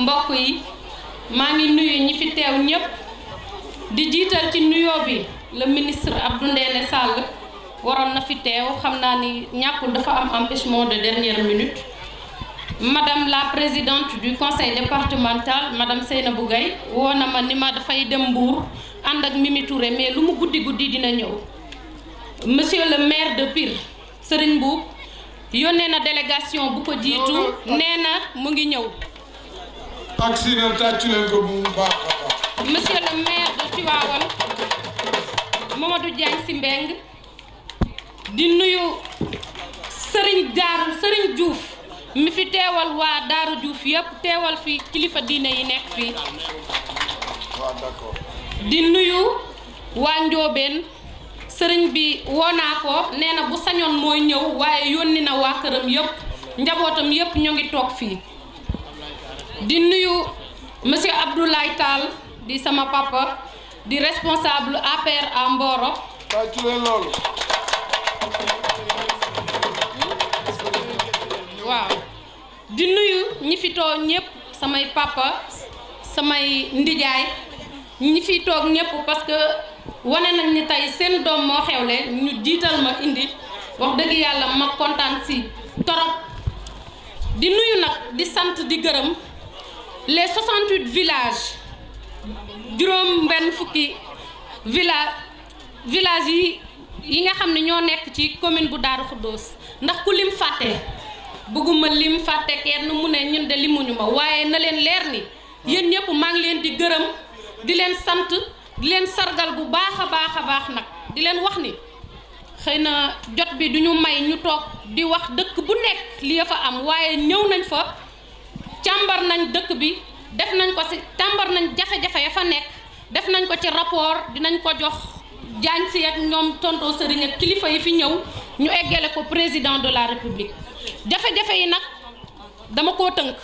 mbokk yi maa ngi nuyu ñi fi teew ñépp di jiital ci nuyo bi le ministre Abdou Ndéné Sall waroon na fi teew xam naa ni ñàkkul dafa am empêchement de dernière minute madame la présidente du conseil départemental madame Seynabou Gaye woo na ma ni ma dafay dem Mbour ànd ak Mimi Touré mais lu mu guddi guddi dina ñëw monsieur le maire de Pire Serigne Mboup yónnee na délégation bu ko jiitu nee na mu ngi ñëw ak si leen tàccu leen ko bu baax a baax. monsieur di nuyu Serigne Daaru Serigne Diouf mi fi teewal waa Daaru juuf yëpp teewal fi kilifa diine yi nekk fii ah, di nuyu waa Njoobeen sëriñ bi woo naa nee na bu sañoon mooy ñëw waaye yónni na waa këram yëpp njabootam yëpp ñu ngi toog fii. di nuyu monsieur Abdoulaye Tall di sama papa di responsable APR à Mboro waaw di nuyu ñi fi toog ñëpp samay papa samay ndijaay ñi fi toog ñëpp parce que wane nañ ni tey seen doom moo xewle ñu jiital ma indi wax dëgg yàlla ma kontaan si torop di nuyu nag di sant di gërëm les 68 villages juróom benn fukki village village yi yi nga xam ne ñoo nekk ci commune bu Daaru Xuddoos ndax ku lim fàtte bëgguma lim fàtte kenn mu ne ñun de limuñu ma waaye na leen leer ni yéen ñëpp maa leen di gërëm di leen sant di leen sargal bu baax a baax a baax nag di leen wax ni xëy na jot bi duñu may ñu toog di wax dëkk bu nekk li fa am waaye ñëw nañ fa càmbar nañ dëkk bi def nañ ko ci càmbar nañ jafe-jafe ya fa nekk def nañ ko ci rapport dinañ ko jox jaañ si ak ñoom tonto sëriñ kilifa yi fi ñëw ñu eggale ko président de la république jafe-jafe yi nag dama ko tënk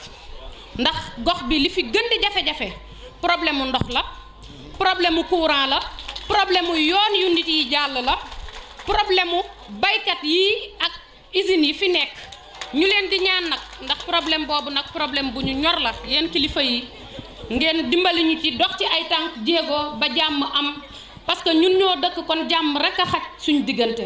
ndax gox bi li fi gën di jafe-jafe problème mu ndox la problème mu courant la problème yoon yu nit yi jàll la problème mu baykat yi ak usines yi fi nekk ñu leen di ñaan nag ndax problème boobu nag problème bu ñu ñor la yéen kilifa yi ngeen dimbali ñu ci dox ci ay tànk jéego ba jàmm am parce que ñun ñoo dëkk kon jàmm rek a xaj suñu diggante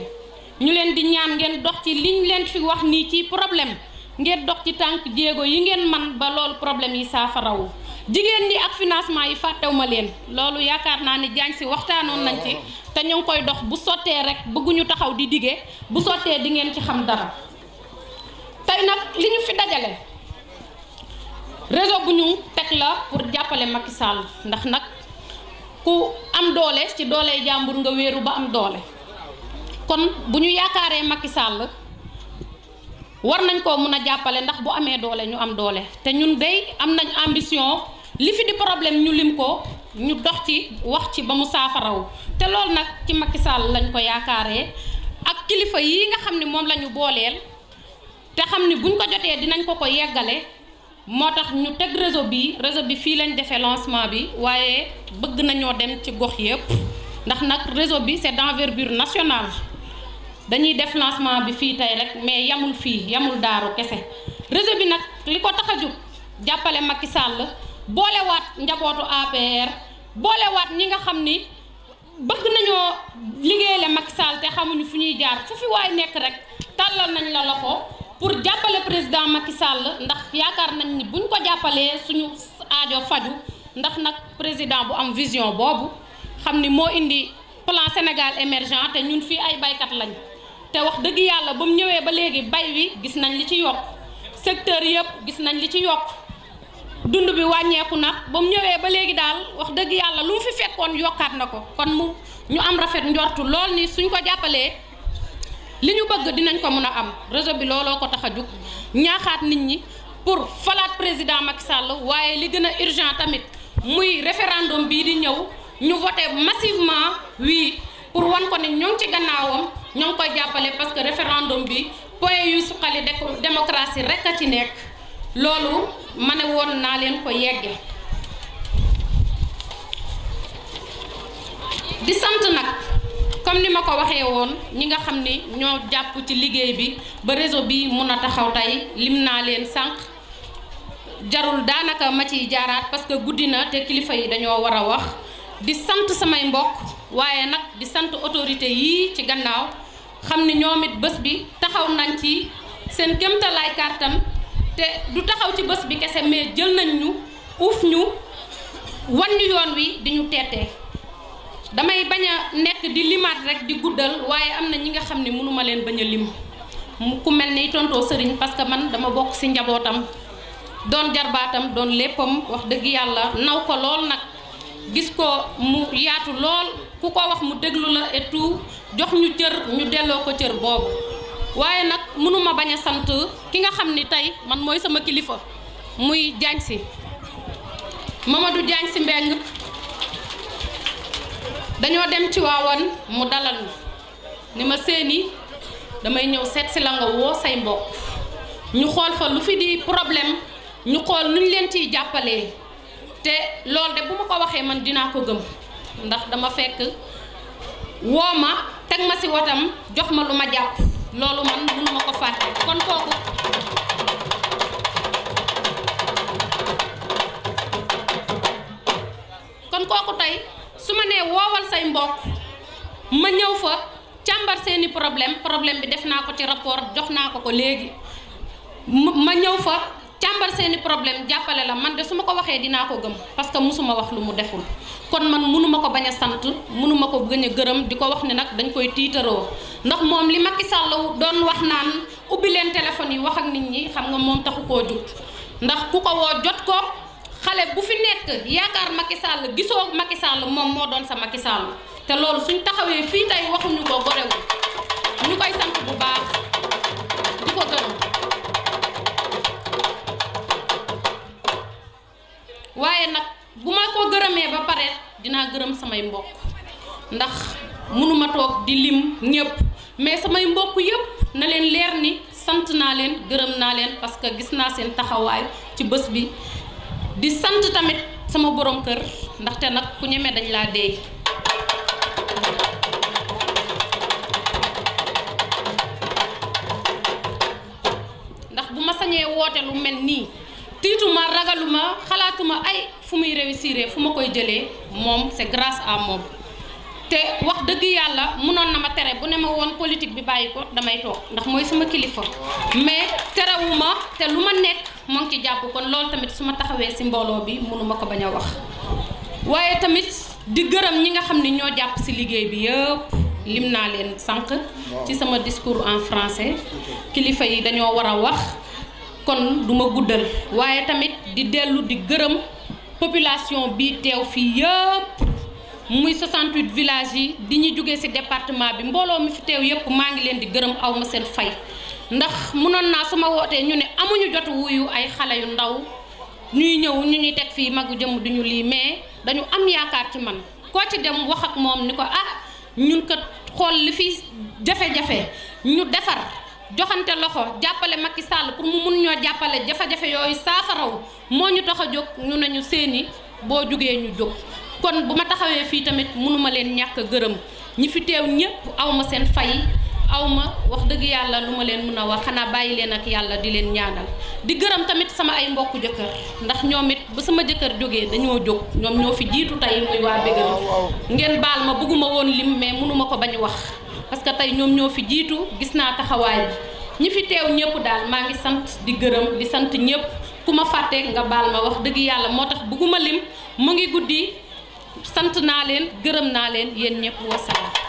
ñu leen di ñaan ngeen dox ci liñ leen fi wax nii ci problème ngeen dox ci tànk jéego yi ngeen man ba loolu problème yi saafarawu jigéen ñi ak financement yi fàttewuma leen loolu yaakaar naa ni jaañ si waxtaanoon nañ ci te ñu ngi koy dox bu sottee rek bëgguñu taxaw di dige bu sottee di ngeen ci xam dara tey nag li ñu fi dajale réseau bu ñu teg la pour jàppale Macky sàll ndax nag ku am doole ci dooley jàmbur nga wéeru ba am doole kon bu ñu yaakaaree Macky sàll war nañ koo mun a jàppale ndax bu amee doole ñu am doole te ñun day am nañ ambition li fi di problème ñu lim ko ñu dox ci wax ci ba mu saafaraw te loolu nag ci Macky sàll lañ ko yaakaaree ak kilifa yi nga xam ne moom lañu booleel. te xam ni buñ ko jotee dinañ ko ko yeggale moo tax ñu teg réseau bi réseau bi fii lañ defee lancement bi waaye bëgg nañoo dem ci gox yépp ndax nag réseau bi c'est d'envergure nationale dañuy def lancement bi fii tey rek mais yamul fii yamul daaru kese réseau bi nag li ko tax a jóg jàppale Macky Sall boolewaat njabootu APR boolewaat ñi nga xam ni bëgg nañoo liggéeyale Macky Sall te xamuñu fu ñuy jaar fu fi waay nekk rek tàllal nañ la loxo. pour jàppale président Macky sàll ndax yaakaar nañ ni buñ ko jàppalee suñu aajo faju ndax nag président bu am vision boobu xam ni moo indi plan Sénégal émergent te ñun fii ay baykat lañ te wax dëgg yàlla ba mu ñëwee ba léegi bay wi gis nañ li ci yokk secteur yëpp gis nañ li ci yokk dund bi wàññeeku na ba mu ñëwee ba léegi daal wax dëgg yàlla lu mu fi fekkoon yokkaat na ko kon mu ñu am rafet njortu lool ni suñ ko jàppalee li ñu bëgg dinañ ko mën a am réseau bi looloo ko tax a jug ñaaxaat nit ñi pour falaat président Macky Sall waaye li gën a urgent tamit muy référendum bii di ñëw ñu voté massivement wii pour wan ko ne ñoo ci gannaawam ñoo ngi koy jàppale parce que référendum bi point yu suqali démocratie rek a ci nekk loolu ma ne woon naa leen ko yegge di sant nag. comme ni ma ko waxee woon ñi nga xam ni ñoo jàpp ci liggéey bi ba réseau bi mun a taxaw tey lim naa leen sànq jarul daanaka ma ciy jaaraat parce que guddi na te kilifa yi dañoo war a wax di sant samay mbokk waaye nag di sant autorité yi ci gannaaw xam ni ñoom it bés bi taxaw nañ ci seen kéemtalaay kàttan te du taxaw ci bés bi kese mais jël nañ ñu uuf ñu wan yoon wi di ñu teetee damay bañ a nekk di limaat rek di guddal waaye am na ñi nga xam ne mënuma leen bañ a lim mu ku mel ni tontoo sëriñ parce que man dama bokk ci njabootam doon jarbaatam doon léppam wax dëgg yàlla naw ko lool nag gis ko mu yaatu lool ku ko wax mu déglu la et tout jox ñu cër ñu delloo ko cër boobu waaye nag mënuma bañ a sant ki nga xam ni tey man mooy sama kilifa muy Diagne Sy Mamadou Diagne Sy Mbengue dañoo dem ci waawoon mu dalal ni ma seeni damay ñëw seet si la nga woo say mbokk ñu xool fa lu fi di problème ñu xool nuñ leen ciy jàppale te loolu de bu ma ko waxee man dinaa ko gëm ndax dama fekk woo ma teg ma ci watam jox ma lu ma jàpp loolu man mënu ma ko fàtte kon kooku tey su ma nee woo say mbokk ma ñëw fa càmbar seeni problème problème bi def naa ko ci rapport jox naa ko ko léegi ma ñëw fa càmbar seeni problème jàppale la man de su ma ko waxee dinaa ko gëm parce que musuma wax lu mu deful kon man munuma ko bañ a sant mënuma ko gën a gërëm di ko wax ni nag dañ koy tiitaroo ndax moom li Macky Sall doon wax naan ubbi leen téléphone yi wax ak nit ñi xam nga moom taxu koo jug ndax ku ko woo jot ko xale bu fi nekk yaakaar Macky Sall gisoo Macky Sall moom moo doon sa Macky te loolu suñ taxawee fii tey waxuñu ko gorewul ñu koy sant bu baax di ko gërëm waaye nag bu ma ko gërëmee ba pare dinaa gërëm samay mbokk ndax mënuma toog di lim ñépp mais samay mbokk yépp na leen leer ni sant naa leen gërëm naa leen parce que gis naa seen taxawaay ci bës bi di sant tamit sama borom kër ndaxte nag ku ñeme dañ laa dee ndax bu ma sañee woote lu mel nii tiituma ragaluma xalaatuma ay fu muy réussir fu ma koy jëlee moom c'est grâce à moom te wax dëgg yàlla mënoon na ma tere bu ne ma woon politique bi bàyyi ko damay toog ndax mooy sama kilifa mais terewu te lu ma nekk moo ngi ci jàpp kon loolu tamit su ma taxawee si mbooloo bi mënuma ko bañ a wax waaye tamit di gërëm ñi nga xam ne ñoo jàpp si liggéey bi yëpp lim naa leen sànq ci sama discours en français kilifa yi dañoo war a wax kon duma guddal waaye tamit di dellu di gërëm population bi teew fii yëpp muy 68 village yi di ñu jógee ci département bi mbooloo mi fi teew yépp maa ngi leen di gërëm aw ma seen fay ndax mënoon naa su wootee ñu ne amuñu jotu yu ay xale yu ndaw ñuy ñëw ñu ñuy teg fii magu jëmm duñu lii mais dañu am yaakaar ci man koo ci dem wax ak moom ni ko ah ñun kat xool li fi jafe-jafe ñu defar joxante loxo jàppale mag Macky Sall pour mu mun ñoo jàppale jafe-jafe yooyu saafaraw moo ñu tax a jóg ñu nañu seeni boo jugee ñu jóg kon bu ma taxawee fii tamit mënuma leen ñàkk a gërëm ñi fi teew ñëpp aw ma seen fay aw ma wax dëgg yàlla lu ma leen mën a wax xanaa bàyyi leen ak yàlla di leen ñaanal di gërëm tamit sama ay mbokk jëkkër ndax ñoom it ba sama jëkkër jógee dañoo jóg ñoom ñoo fi jiitu tey muy waa Bégué ngeen baal ma bëgguma woon lim mais mënuma ko bañ wax parce que tey ñoom ñoo fi jiitu gis naa taxawaay bi ñi fi teew ñëpp daal maa ngi sant di gërëm di sant ñëpp ku ma fàtte nga baal ma wax dëgg yàlla moo tax bëgguma lim sant naa leen gërëm naa leen yéen ñëpp wasalaam